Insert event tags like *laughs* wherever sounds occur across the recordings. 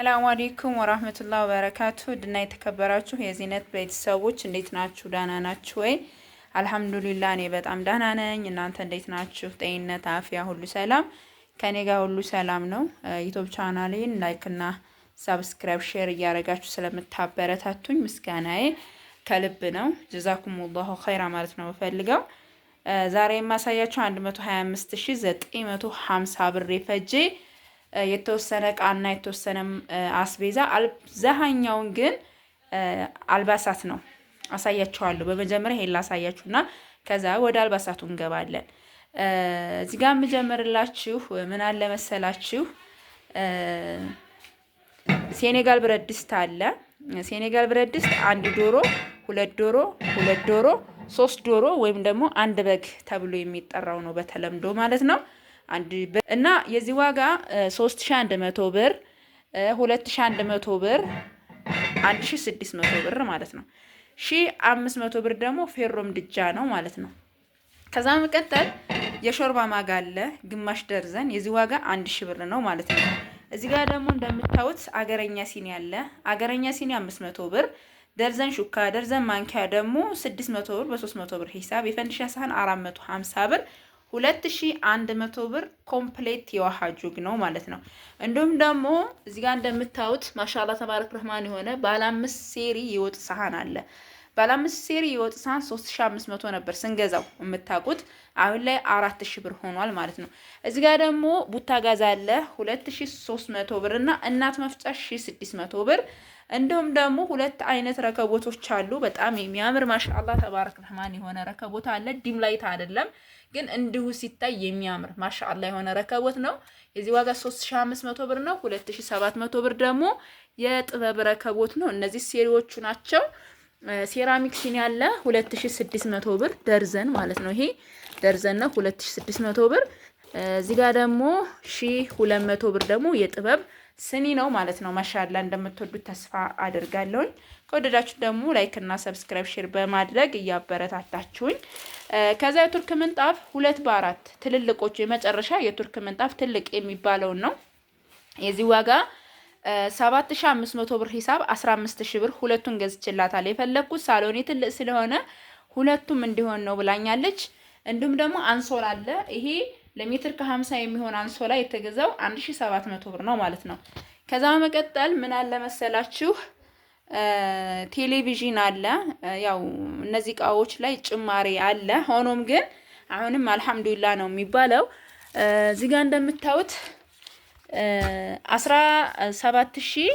ሰላም አለይኩም ወራህመቱላ ወበረካቱ ድና የተከበራችሁ የዚህነት ቤተሰቦች እንዴት ናችሁ? ዳና ናችሁ ወይ? አልሐምዱሊላ እኔ በጣም ዳና ነኝ። እናንተ እንዴት ናችሁ? ጤንነት፣ አፍያ፣ ሁሉ ሰላም ከኔ ጋር ሁሉ ሰላም ነው። ዩቱብ ቻናሌን ላይክና ሳብስክራይብ፣ ሼር እያደረጋችሁ ስለምታበረታቱኝ ምስጋናዬ ከልብ ነው። ላሁ ኸይራ ማለት ነው ፈልገው ዛሬ የማሳያችሁ 125950 ብር ፈጄ የተወሰነ እቃና የተወሰነ አስቤዛ፣ አብዛኛውን ግን አልባሳት ነው። አሳያችኋለሁ። በመጀመሪያ ይሄን ላሳያችሁና ከዛ ወደ አልባሳቱ እንገባለን። እዚህ ጋር የምጀምርላችሁ ምን አለ መሰላችሁ ሴኔጋል ብረት ድስት አለ። ሴኔጋል ብረት ድስት አንድ ዶሮ፣ ሁለት ዶሮ፣ ሁለት ዶሮ፣ ሶስት ዶሮ ወይም ደግሞ አንድ በግ ተብሎ የሚጠራው ነው በተለምዶ ማለት ነው። አንድ ብር እና የዚህ ዋጋ 3100 ብር፣ 2100 ብር፣ 1600 ብር ማለት ነው። 1500 ብር ደግሞ ፌሮ ምድጃ ነው ማለት ነው። ከዛ መቀጠል የሾርባ ማጋ አለ ግማሽ ደርዘን የዚህ ዋጋ 1000 ብር ነው ማለት ነው። እዚህ ጋር ደግሞ እንደምታዩት አገረኛ ሲኒ አለ። አገረኛ ሲኒ 500 ብር ደርዘን ሹካ ደርዘን ማንኪያ ደግሞ 600 ብር በ300 ብር ሂሳብ የፈንዲሻ ሳህን 450 ብር ሁለት ሺ አንድ ብር ኮምፕሌት የውሃ ጁግ ነው ማለት ነው። እንዲሁም ደግሞ እዚህ ጋር እንደምታዩት ማሻላ ተባረክ ረህማን የሆነ ባለ አምስት ሴሪ የወጥ ሰሃን አለ። ባለ ሴሪ የወጥ ሳህን 3500 ነበር ስንገዛው የምታውቁት፣ አሁን ላይ 4000 ብር ሆኗል ማለት ነው። እዚህ ጋር ደግሞ ቡታ ጋዝ አለ 2300 ብር እና እናት መፍጫ 1600 ብር እንዲሁም ደግሞ ሁለት አይነት ረከቦቶች አሉ። በጣም የሚያምር ማሻአላ ተባረክ ረህማን የሆነ ረከቦት አለ። ዲም ላይት አይደለም ግን እንዲሁ ሲታይ የሚያምር ማሻአላ የሆነ ረከቦት ነው። የዚህ ዋጋ 3500 ብር ነው። 2700 ብር ደግሞ የጥበብ ረከቦት ነው። እነዚህ ሴሪዎቹ ናቸው። ሴራሚክ ሲኒ አለ 2600 ብር ደርዘን ማለት ነው። ይሄ ደርዘን ነው 2600 ብር። እዚህ ጋር ደግሞ 1200 ብር ደግሞ የጥበብ ስኒ ነው ማለት ነው። ማሻላ እንደምትወዱት ተስፋ አድርጋለሁኝ። ከወደዳችሁ ደግሞ ላይክ እና ሰብስክራይብ ሼር በማድረግ እያበረታታችሁኝ ከዛ የቱርክ ምንጣፍ ሁለት በአራት ትልልቆቹ የመጨረሻ የቱርክ ምንጣፍ ትልቅ የሚባለውን ነው የዚህ ዋጋ 7500 ብር ሂሳብ 15000 ብር ሁለቱን ገዝችላታል። የፈለኩት ሳሎኔ ትልቅ ስለሆነ ሁለቱም እንዲሆን ነው ብላኛለች። እንዲሁም ደግሞ አንሶላ አለ። ይሄ ለሜትር ከ50 የሚሆን አንሶላ የተገዛው 1700 ብር ነው ማለት ነው። ከዛ በመቀጠል ምን አለ መሰላችሁ ቴሌቪዥን አለ። ያው እነዚህ እቃዎች ላይ ጭማሪ አለ። ሆኖም ግን አሁንም አልሐምዱሊላ ነው የሚባለው። እዚህ ጋር እንደምታዩት አስራ ሰባት ሺህ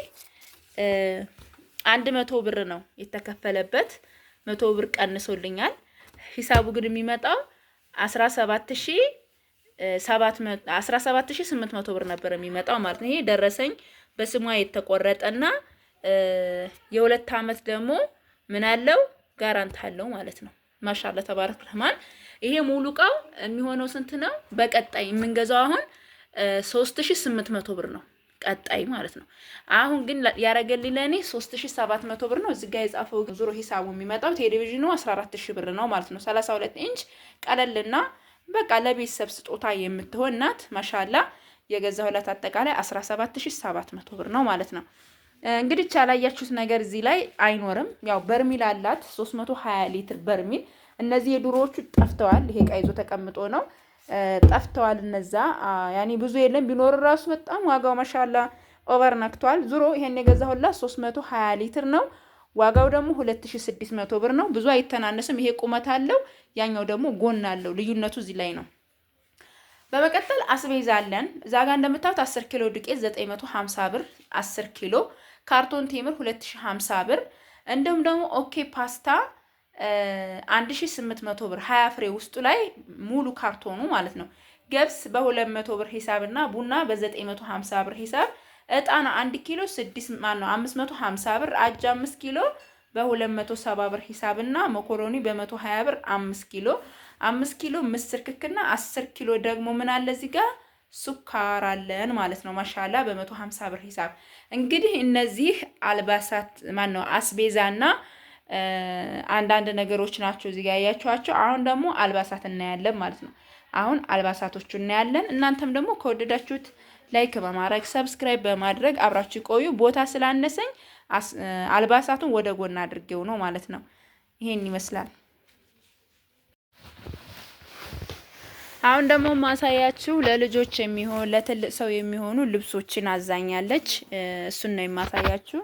አንድ መቶ ብር ነው የተከፈለበት። መቶ ብር ቀንሶልኛል። ሂሳቡ ግን የሚመጣው አስራ ሰባት ሺህ አስራ ሰባት ስምንት መቶ ብር ነበር የሚመጣው ማለት ነው። ይሄ ደረሰኝ በስሟ የተቆረጠ እና የሁለት አመት ደግሞ ምን አለው ጋራንት አለው ማለት ነው። ማሻላ ተባረክ ረህማን። ይሄ ሙሉ እቃው የሚሆነው ስንት ነው? በቀጣይ የምንገዛው አሁን ሶስት ሺ ስምንት መቶ ብር ነው ቀጣይ ማለት ነው። አሁን ግን ያረገልኝ ለእኔ ሶስት ሺ ሰባት መቶ ብር ነው። እዚጋ የጻፈው ዙሮ ሂሳቡ የሚመጣው ቴሌቪዥኑ አስራ አራት ሺ ብር ነው ማለት ነው። ሰላሳ ሁለት ኢንች ቀለልና በቃ ለቤተሰብ ስጦታ የምትሆን ናት። ማሻላ የገዛሁላት አጠቃላይ አስራ ሰባት ሺ ሰባት መቶ ብር ነው ማለት ነው። እንግዲህ ያላያችሁት ነገር እዚህ ላይ አይኖርም። ያው በርሚል አላት 320 ሊትር በርሚል። እነዚህ የድሮዎቹ ጠፍተዋል። ይሄ ቀይዞ ተቀምጦ ነው ጠፍተዋል። እነዛ ያኔ ብዙ የለም ቢኖር ራሱ በጣም ዋጋው መሻላ ኦቨር ነክቷል። ዙሮ ይሄን የገዛሁላት 320 ሊትር ነው። ዋጋው ደግሞ 2600 ብር ነው። ብዙ አይተናነስም። ይሄ ቁመት አለው፣ ያኛው ደግሞ ጎን አለው። ልዩነቱ እዚህ ላይ ነው። በመቀጠል አስቤዛ አለን። እዛ ጋር እንደምታዩት 10 ኪሎ ዱቄት 950 ብር፣ 10 ኪሎ ካርቶን ቴምር 2050 ብር፣ እንዲሁም ደግሞ ኦኬ ፓስታ አንድ ሺ ስምንት መቶ ብር ሀያ ፍሬ ውስጡ ላይ ሙሉ ካርቶኑ ማለት ነው። ገብስ በሁለት መቶ ብር ሂሳብ እና ቡና በዘጠኝ መቶ ሀምሳ ብር ሂሳብ እጣን አንድ ኪሎ ስድስት ነው አምስት መቶ ሀምሳ ብር አጅ አምስት ኪሎ በሁለት መቶ ሰባ ብር ሂሳብ እና መኮሮኒ በመቶ ሀያ ብር አምስት ኪሎ አምስት ኪሎ ምስር ክክና አስር ኪሎ ደግሞ ምን አለ እዚህ ጋር ሱካር አለን ማለት ነው። ማሻላ በመቶ ሀምሳ ብር ሂሳብ እንግዲህ እነዚህ አልባሳት ማነው አስቤዛና አንዳንድ ነገሮች ናቸው እዚህ ጋር ያያችኋቸው። አሁን ደግሞ አልባሳት እናያለን ማለት ነው። አሁን አልባሳቶቹ እናያለን። እናንተም ደግሞ ከወደዳችሁት ላይክ በማድረግ ሰብስክራይብ በማድረግ አብራችሁ ቆዩ። ቦታ ስላነሰኝ አልባሳቱን ወደ ጎን አድርጌው ነው ማለት ነው። ይሄን ይመስላል። አሁን ደግሞ ማሳያችሁ ለልጆች የሚሆን ለትልቅ ሰው የሚሆኑ ልብሶችን አዛኛለች። እሱን ነው የማሳያችሁ።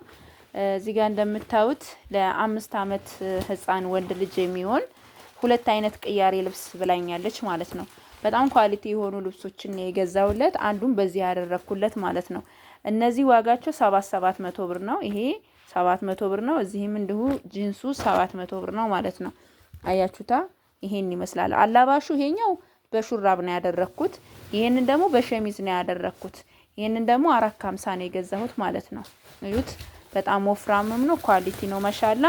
እዚህ ጋር እንደምታዩት ለአምስት አመት ህፃን ወንድ ልጅ የሚሆን ሁለት አይነት ቅያሬ ልብስ ብላኛለች ማለት ነው። በጣም ኳሊቲ የሆኑ ልብሶችን የገዛውለት አንዱን በዚህ ያደረኩለት ማለት ነው። እነዚህ ዋጋቸው ሰባት ሰባት መቶ ብር ነው። ይሄ ሰባት መቶ ብር ነው። እዚህም እንዲሁ ጂንሱ ሰባት መቶ ብር ነው ማለት ነው። አያችሁታ ይሄን ይመስላል አላባሹ። ይሄኛው በሹራብ ነው ያደረኩት። ይሄንን ደግሞ በሸሚዝ ነው ያደረኩት። ይሄንን ደግሞ አራት ከሀምሳ ነው የገዛሁት ማለት ነው። እዩት። በጣም ወፍራምም ነው፣ ኳሊቲ ነው መሻላ።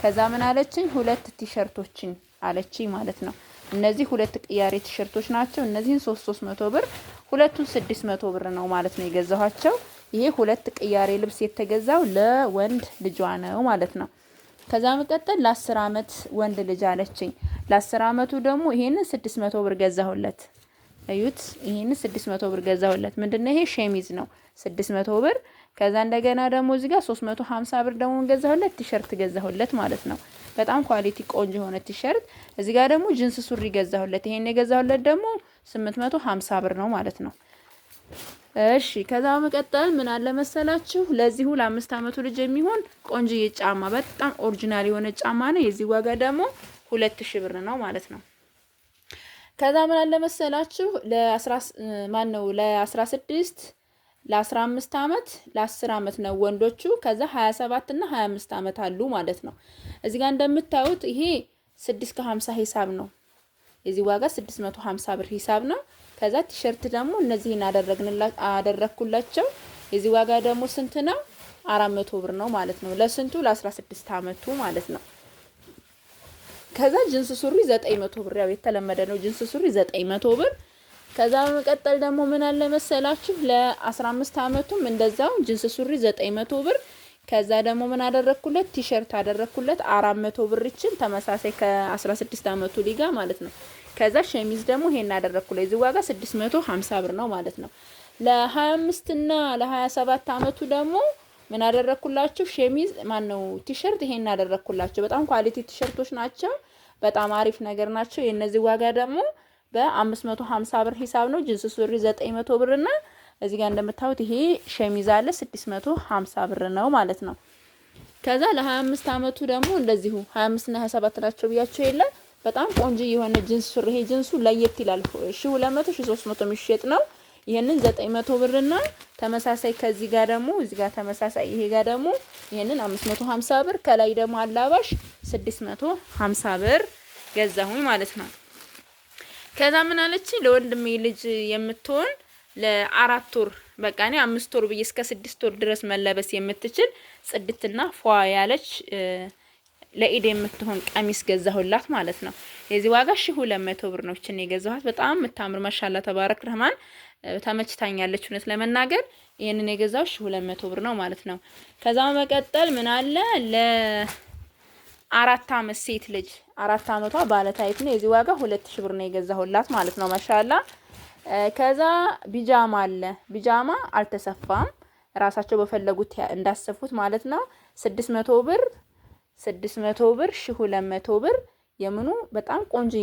ከዛ ምን አለችኝ ሁለት ቲሸርቶችን አለችኝ ማለት ነው። እነዚህ ሁለት ቅያሬ ቲሸርቶች ናቸው። እነዚህን 3 300 ብር ሁለቱን 600 ብር ነው ማለት ነው የገዛኋቸው። ይሄ ሁለት ቅያሬ ልብስ የተገዛው ለወንድ ልጇ ነው ማለት ነው። ከዛ መቀጠል ለ10 አመት ወንድ ልጅ አለችኝ። ለ10 አመቱ ደግሞ ይሄንን 600 ብር ገዛሁለት። እዩት፣ ይሄንን 600 ብር ገዛሁለት። ምንድነው ይሄ ሸሚዝ ነው 600 ብር ከዛ እንደገና ደግሞ እዚህ ጋር 350 ብር ደግሞ ገዛሁለት ቲሸርት ገዛሁለት ማለት ነው። በጣም ኳሊቲ ቆንጆ የሆነ ቲሸርት። እዚህ ጋር ደግሞ ጅንስ ሱሪ ገዛሁለት። ይሄን የገዛሁለት ደግሞ 850 ብር ነው ማለት ነው። እሺ ከዛ በመቀጠል ምን አለ መሰላችሁ ለዚሁ ለአምስት ዓመቱ ልጅ የሚሆን ቆንጆ የጫማ በጣም ኦሪጂናል የሆነ ጫማ ነው። የዚህ ዋጋ ደግሞ ሁለት ሺ ብር ነው ማለት ነው። ከዛ ምን አለ መሰላችሁ ለ ማን ነው ለ16 ለ15 ዓመት ለ10 ዓመት ነው ወንዶቹ። ከዛ 27 እና 25 ዓመት አሉ ማለት ነው። እዚህ ጋር እንደምታዩት ይሄ 6 ከ50 ሂሳብ ነው። የዚህ ዋጋ 650 ብር ሂሳብ ነው። ከዛ ቲሸርት ደግሞ እነዚህን አደረግኩላቸው። የዚህ ዋጋ ደግሞ ስንት ነው? 400 ብር ነው ማለት ነው። ለስንቱ ለ16 ዓመቱ ማለት ነው። ከዛ ጅንስ ሱሪ 900 ብር፣ ያው የተለመደ ነው። ጅንስ ሱሪ 900 ብር ከዛ በመቀጠል ደግሞ ምን አለ መሰላችሁ ለ15 አመቱም እንደዛው ጅንስ ሱሪ 900 ብር። ከዛ ደግሞ ምን አደረኩለት ቲሸርት አደረኩለት 400 ብር ይችን ተመሳሳይ ከ16 አመቱ ሊጋ ማለት ነው። ከዛ ሸሚዝ ደግሞ ይሄን አደረኩለት እዚህ ዋጋ 650 ብር ነው ማለት ነው። ለ25 እና ለ27 አመቱ ደግሞ ምን አደረኩላችሁ ሸሚዝ ማን ነው ቲሸርት ይሄን አደረኩላችሁ። በጣም ኳሊቲ ቲሸርቶች ናቸው። በጣም አሪፍ ነገር ናቸው። የነዚህ ዋጋ ደግሞ በ550 ብር ሂሳብ ነው። ጅንስ ሱሪ 900 ብር እና እዚህ ጋር እንደምታዩት ይሄ ሸሚዝ አለ 650 ብር ነው ማለት ነው። ከዛ ለ25 አመቱ ደግሞ እንደዚሁ 25 እና 27 ናቸው ብያቸው የለ በጣም ቆንጆ የሆነ ጅንስ ሱሪ። ይሄ ጅንሱ ለየት ይላል። 1200 1300 የሚሸጥ ነው። ይሄንን 900 ብር እና ተመሳሳይ ከዚህ ጋር ደግሞ እዚህ ጋር ተመሳሳይ ይሄ ጋር ደግሞ ይሄንን 550 ብር ከላይ ደግሞ አላባሽ 650 ብር ገዛሁኝ ማለት ነው። ከዛ ምን አለች ለወንድሜ ልጅ የምትሆን ለአራት ወር በቃ እኔ አምስት ወር ብዬ እስከ ስድስት ወር ድረስ መለበስ የምትችል ጽድትና ፏ ያለች ለኢድ የምትሆን ቀሚስ ገዛሁላት ማለት ነው። የዚህ ዋጋ ሺ ሁለት መቶ ብር ነው። እችን የገዛኋት በጣም የምታምር መሻላ ተባረክ ረህማን ተመችታኛለች። እውነት ለመናገር ይህንን የገዛው ሺ ሁለት መቶ ብር ነው ማለት ነው። ከዛ መቀጠል ምን አለ ለ አራት አመት ሴት ልጅ አራት አመቷ ባለታይት ነው። የዚህ ዋጋ ሁለት ብር ነው የገዛሁላት ማለት ነው። ማሻላ ከዛ ቢጃማ አለ። ቢጃማ አልተሰፋም ራሳቸው በፈለጉት እንዳሰፉት ማለት ነው። ስድስት መቶ ብር ስድስት መቶ ብር ሺህ ሁለት መቶ ብር የምኑ በጣም ቆንጆ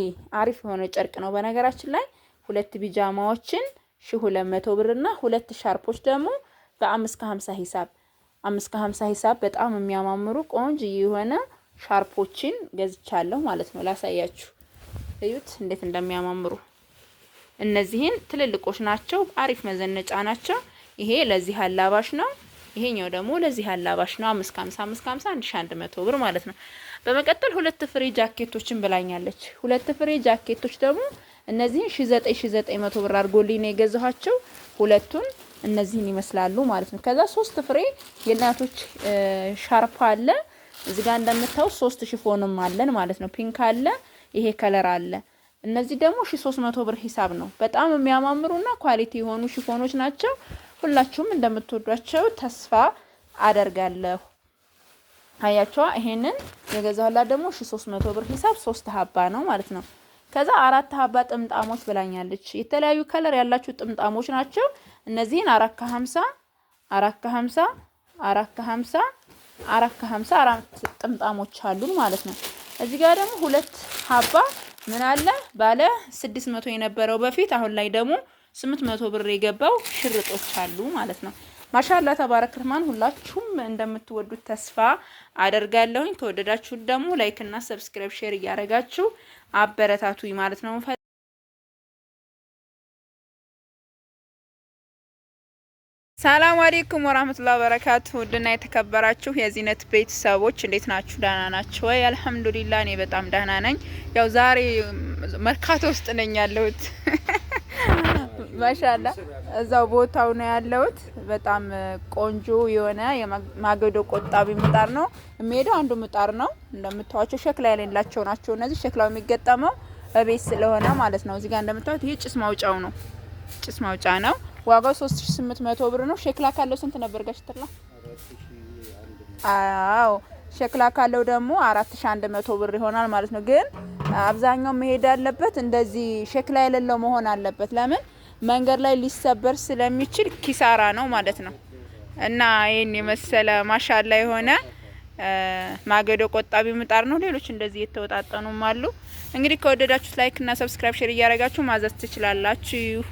አሪፍ የሆነ ጨርቅ ነው። በነገራችን ላይ ሁለት ቢጃማዎችን ሺህ ሁለት መቶ ብር እና ሁለት ሻርፖች ደግሞ በአምስት ከሀምሳ ሂሳብ አምስት ከሀምሳ ሂሳብ በጣም የሚያማምሩ ቆንጆ የሆነ ሻርፖችን ገዝቻለሁ ማለት ነው። ላሳያችሁ፣ እዩት እንዴት እንደሚያማምሩ እነዚህን ትልልቆች ናቸው። አሪፍ መዘነጫ ናቸው። ይሄ ለዚህ አላባሽ ነው። ይሄኛው ደግሞ ለዚህ አላባሽ ነው። 550 550 ብር ማለት ነው። በመቀጠል ሁለት ፍሬ ጃኬቶችን ብላኛለች። ሁለት ፍሬ ጃኬቶች ደግሞ እነዚህን 9900 ብር አድርጎልኝ ነው የገዛኋቸው። ሁለቱን እነዚህን ይመስላሉ ማለት ነው። ከዛ ሶስት ፍሬ የእናቶች ሻርፕ አለ እዚህ ጋር እንደምታዩት ሶስት ሽፎንም አለን ማለት ነው። ፒንክ አለ፣ ይሄ ከለር አለ። እነዚህ ደግሞ ሺ ሶስት መቶ ብር ሂሳብ ነው። በጣም የሚያማምሩና ኳሊቲ የሆኑ ሽፎኖች ናቸው። ሁላችሁም እንደምትወዷቸው ተስፋ አደርጋለሁ። አያቸዋ ይሄንን የገዛሁላት ደግሞ ሺ ሶስት መቶ ብር ሂሳብ ሶስት ሀባ ነው ማለት ነው። ከዛ አራት ሀባ ጥምጣሞች ብላኛለች። የተለያዩ ከለር ያላችሁ ጥምጣሞች ናቸው። እነዚህን አራት ከሀምሳ አራት ከሀምሳ አራት ከሀምሳ አራት ከሀምሳ አራት ጥምጣሞች አሉን ማለት ነው። እዚህ ጋር ደግሞ ሁለት ሀባ ምን አለ ባለ ስድስት መቶ የነበረው በፊት አሁን ላይ ደግሞ ስምንት መቶ ብር የገባው ሽርጦች አሉ ማለት ነው። ማሻላ ተባረክ ረህማን ሁላችሁም እንደምትወዱት ተስፋ አደርጋለሁኝ። ከወደዳችሁት ደግሞ ላይክ እና ሰብስክራይብ ሼር እያደረጋችሁ አበረታቱኝ ማለት ነው። ሰላም አሌይኩም ወራህመቱላሂ ወበረካቱ። ውድና የተከበራችሁ የዚህነት ቤተሰቦች እንዴት ናችሁ? ደህና ናችሁ ወይ? አልሐምዱሊላ እኔ በጣም ደህና ነኝ። ያው ዛሬ መርካቶ ውስጥ ነኝ ያለሁት። *laughs* ማሻላ እዛው ቦታው ነው ያለሁት። በጣም ቆንጆ የሆነ የማገዶ ቆጣቢ ምጣድ ነው የሚሄደው። አንዱ ምጣድ ነው እንደምታዋቸው፣ ሸክላ የሌላቸው ናቸው እነዚህ። ሸክላው የሚገጠመው እቤት ስለሆነ ማለት ነው። እዚህ ጋር እንደምታዩት ይሄ ጭስ ማውጫው ነው፣ ጭስ ማውጫ ነው። ዋጋው 3800 ብር ነው። ሸክላ ካለው ስንት ነበር ጋሽትላ? አዎ ሸክላ ካለው ደግሞ 4100 ብር ይሆናል ማለት ነው። ግን አብዛኛው መሄድ አለበት እንደዚህ ሸክላ የሌለው መሆን አለበት። ለምን መንገድ ላይ ሊሰበር ስለሚችል ኪሳራ ነው ማለት ነው። እና ይህን የመሰለ ማሻላ የሆነ ማገዶ ቆጣቢ ምጣድ ነው። ሌሎች እንደዚህ የተወጣጠኑም አሉ። እንግዲህ ከወደዳችሁት ላይክ እና ሰብስክራይብ ሼር እያደረጋችሁ ማዘዝ ትችላላችሁ።